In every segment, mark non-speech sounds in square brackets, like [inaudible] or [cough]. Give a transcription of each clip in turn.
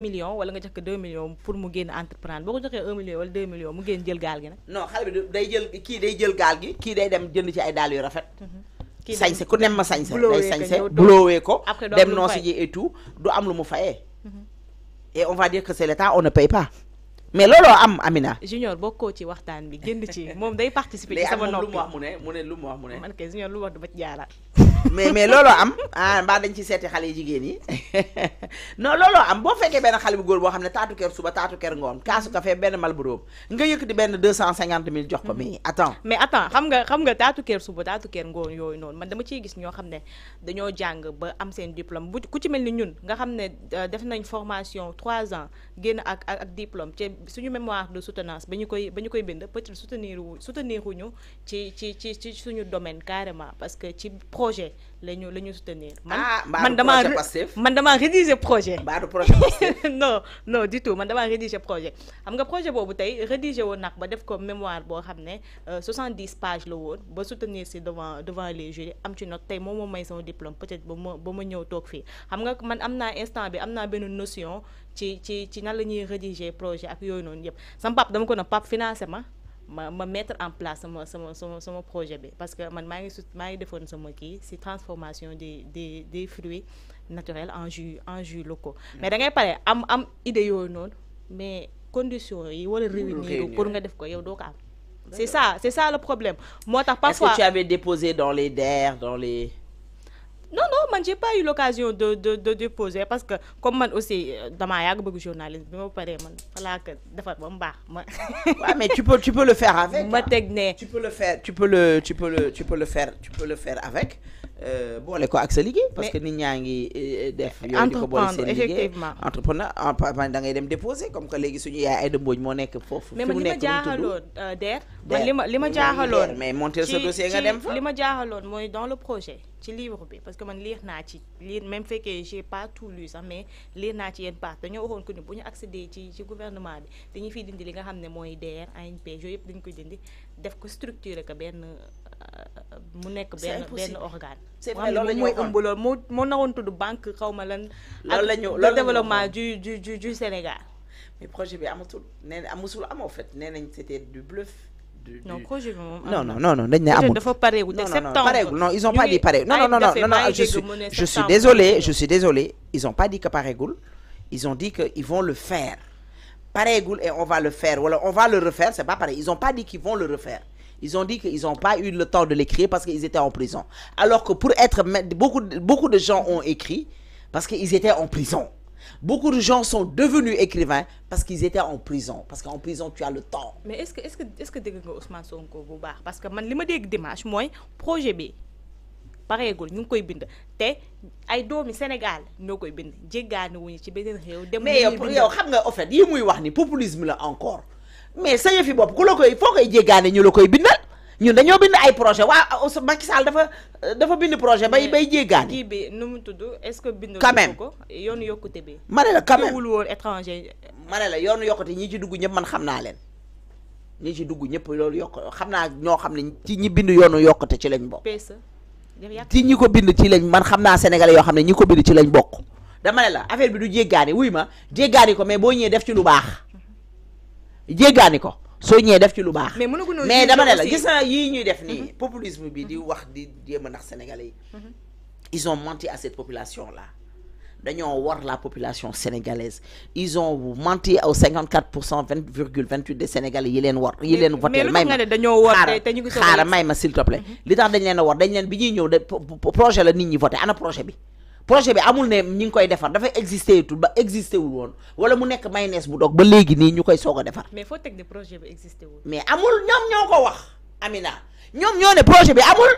million wala nga jox ko 2 millions pour mu génn entreprendre boo ko joxee 1 million wala 2 millions mu génn jël gaal gi nag. non xale bi day kii day jël gaal gi. kii day dem jënd ci ay daal yu rafet. Mhm. kii sañse ku nem ma sañse. day sañse buloowee ko dem noosi ji et du am lu mu fayee. e on va dire que c'est l'État on ne paye pas. mais looloo am Amina. junior bokkoo ci waxtaan bi jënd ci moom day participer. ci sama noppi day mu wax mu ne mu ne lu wax mu ne. man kay junior lu wax du ma ci [laughs] mais mais looloo am ah mbaa dañ ci seeti xale jigéen yi [laughs] non looloo am boo fekkee benn xale bu góor boo xam ne taatu ker suba taatu ker ngoon kaasu café benn Malboro nga yëkkati benn deux cent cinquante mille jox ko mais attends mais attends xam nga xam nga taatu ker suba taatu ker ngoon yooyu noonu man dama ciy gis ñoo xam ne dañoo jàng ba am seen diplôme bu ku ci mel ni ñun nga xam ne euh, def nañ formation trois ans génn ak ak diplôme ci suñu mémoire de soutenance ba ñu koy ba ñu koy bind peut-être soutenir soutenir ñu ci ci ci ci suñu domaine carrément parce que ci projet projet la ñu soutenir. man ah, man man dama rédiger projet. [laughs] non non du tout man dama rédiger projet. xam nga projet bobu tay rédiger won nak ba def ko mémoire bo xamné 70 pages le won ba soutenir ci devant devant les jurys am ci note tay momo may son diplôme peut-être ba ma ba ma ñëw xam nga man amna instant bi amna ben notion ci ci ci nan la ñuy rédiger projet ak yoy non yëpp sama pap dama ko ne pap financé ma ma mettre en place mon mon projet parce que man maa ngi fonds maa c'est transformation des des des fruits naturels en jus en jus locaux mm. mais d'ailleurs ngay am am idée yo non mais conditions yi wala réunir pour nga def ko c'est ça c'est ça le problème moi est-ce que tu avais déposé dans les DER dans les je n'ai pas eu l'occasion de de de parce que comme aussi euh, journaliste ma que [laughs] mais tu peux tu peux le faire avec. Hein. tu peux le faire tu peux le tu peux le tu peux le faire tu peux le faire avec. Euh, boole ko ak sa liggéey. parce que nit ñaa ngi euh, euh, def. yooyu di ko boole seen liggéey entrepreneur entrepreneur da ngay dem déposer comme que léegi suñu yaay Aïda Mbodj moo nekk foofu. fi mu nekk mais li ma li ma jaaxaloon mais monter sa dossier nga dem fa li ma jaaxaloon mooy dans le projet. ci livre bi parce que man lire naa ci lire même fekkee j'ai pas tout lu sax mais lire naa ci yenn part dañoo waxoon ko ni bu ñu accédé ci ci gouvernement bi dañuy fi dindi li nga xam ne mooy DR ANP yooyu yëpp dañu koy dindi def ko structuré ko benn euh, mu nekk benn benn organe. c'est vrai loolu la ñu mooy ëmb loolu moo moo naroon tudd banque xaw ma lan. loolu la ñu loolu développement du du du du Sénégal. mais projet bi amatul nee na amusul am en fait nee nañ c'était du bluff. non projet bi moom non non non non dañ ne amul dafa pareegul de septembre pareegul non ils ont pas dit pareegul non non non non non je suis je suis désolé je suis désolé ils ont pas dit que pareegul ils ont dit que ils vont le faire pareegul et on va le faire wala on va le refaire c'est pas pareil ils ont pas dit qu'ils vont le refaire. Ils ont dit qu'ils n'ont pas eu le temps de l'écrire parce qu'ils étaient en prison. Alors que pour être beaucoup, beaucoup de gens ont écrit parce qu'ils étaient en prison. Beaucoup de gens sont devenus écrivains parce qu'ils étaient en prison. Parce qu'en prison, tu as le temps. Mais est-ce que, est-ce que, est-ce que Ousmane Sonko bu parce que man projet bi Sénégal mais en fait populisme là encore. mais sa yëfi bopp ku la koy foo koy jéggaane ñu la koy bindal ñun dañoo bind ay projet waa Macky Sall dafa dafa bind projet bay bay jéggaane. kii bi nu mu tudd est-ce que bind quand même ko yoonu yokkute bi. ma la quand même wul woon la yoonu yokkute ñi ci dugg ñëpp man xam naa leen ñi ci dugg ñëpp loolu yokk xam naa ñoo xam ne ci ñi bind yoonu yokkute ci lañ bokk. E. ci ñi ko bind ci lañ man xam naa sénégalais yoo xam ne ñi ko bind ci lañ bokk. dama la affaire bi du jéggaane wuy ma jéggaani ko mais boo ñëwee def ci lu baax. jéggaani ko so ñé def ci lu baax. mais dama ne la gis na yi ñuy def ni mm-hmm. populisme bi di mm-hmm. wax di jéem nax sénégalais mm-hmm. ils ont menti à cette population là. dañoo war la population sénégalaise ils ont menti au 54 20,28 cent vingt virgule vingt huit des sénégalais yi leen war. yi leen voté may ma xaaral may ma s'il te plaît. li tax dañ leen a war dañ leen bi ñuy ñëw projet la nit ñi voté ana projet bi projet bi amul ne ñing koy défar da fay exister tout, ba existé wul woon wala mu nekk mayonnaise bu dog ba légui ni ñu koy défar mais faut teg des projet bi existé wul. mais amul ñom ñoko wax Amina ñom ñoo ne projet bi amul.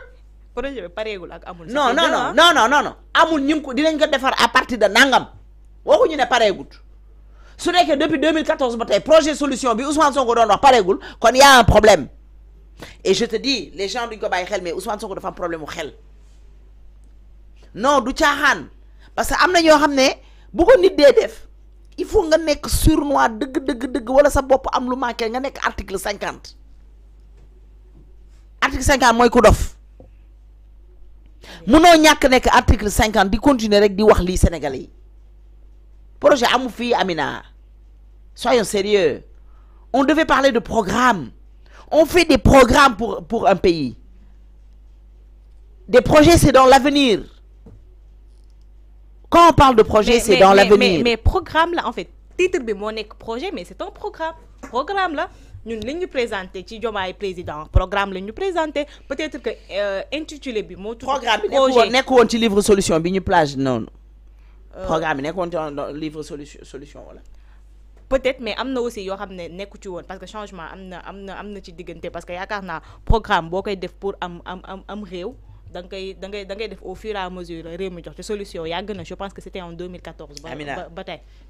projet bi pareegul ak amul. non non non non non non amul ñu ko dinañ ko défar à partir de nangam ñu ne pareegut. su nekkee depuis 2014 ba projet solution bi Ousmane Sonko doon wax pareegul kon y a un problème et je te dis les gens duñ ko baye xel mais Ousmane Sonko dafa am problème xel non du caaxaan parce que amna ñoo ne bu ko nit dé def il faut nga sur sournois deug deug deug wala sa bop am lu manqué nga nek article cinquante article cinquante moy ku dof munoo ñak nek article cinquante di continuer rek di wax li Sénégalais projet amu fi Amina soyons sérieux on devait parler de programme on fait des programmes pour pour un pays des projets c'est dans l'avenir quand on parle de projet, c'est dans l'avenir. Mais, mais programme là, en fait titre de mon projet mais c'est un programme programme nous nous présentons présenter, si ci Le président programme nous nous présenté peut-être que euh, intitulé bi mon programme bi Programme, un ci livre solution bi ñu plage non. Euh, programme bi nekk ci livre solution solution voilà. peut-être mais am aussi yo xam ne parce que changement am amna am parce que programme beaucoup pour am am am am da nga koy def au fur et à mesure réew mi jox ci solution yàgg je pense que c'était en 2014. ba ba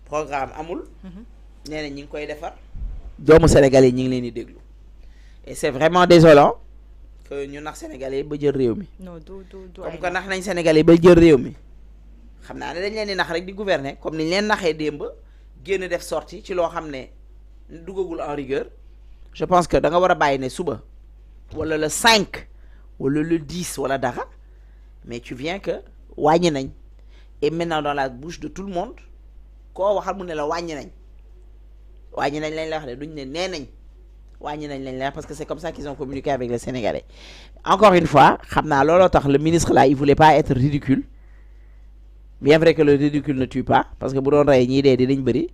programme amul. Mhm. nee na ñi ngi koy defar. doomu Sénégal yi ñu ngi et c'est vraiment désolant. que ñu nax Sénégalais yi ba jël réew non du du du comme que nax nañ Sénégal yi ba jël réew mi. xam naa ne dañ leen nax rek di gouverner comme ni ñu leen naxee démb génn def sortie ci lo xamné dugagul en rigueur. je pense que da nga wara bayiné suba wala le 5 ou le 10 la dara mais tu viens que et maintenant dans la bouche de tout le monde la la parce que c'est comme ça qu'ils ont communiqué avec les Sénégalais encore une fois le ministre là il voulait pas être ridicule bien vrai que le ridicule ne tue pas parce que bu a rey ñii dee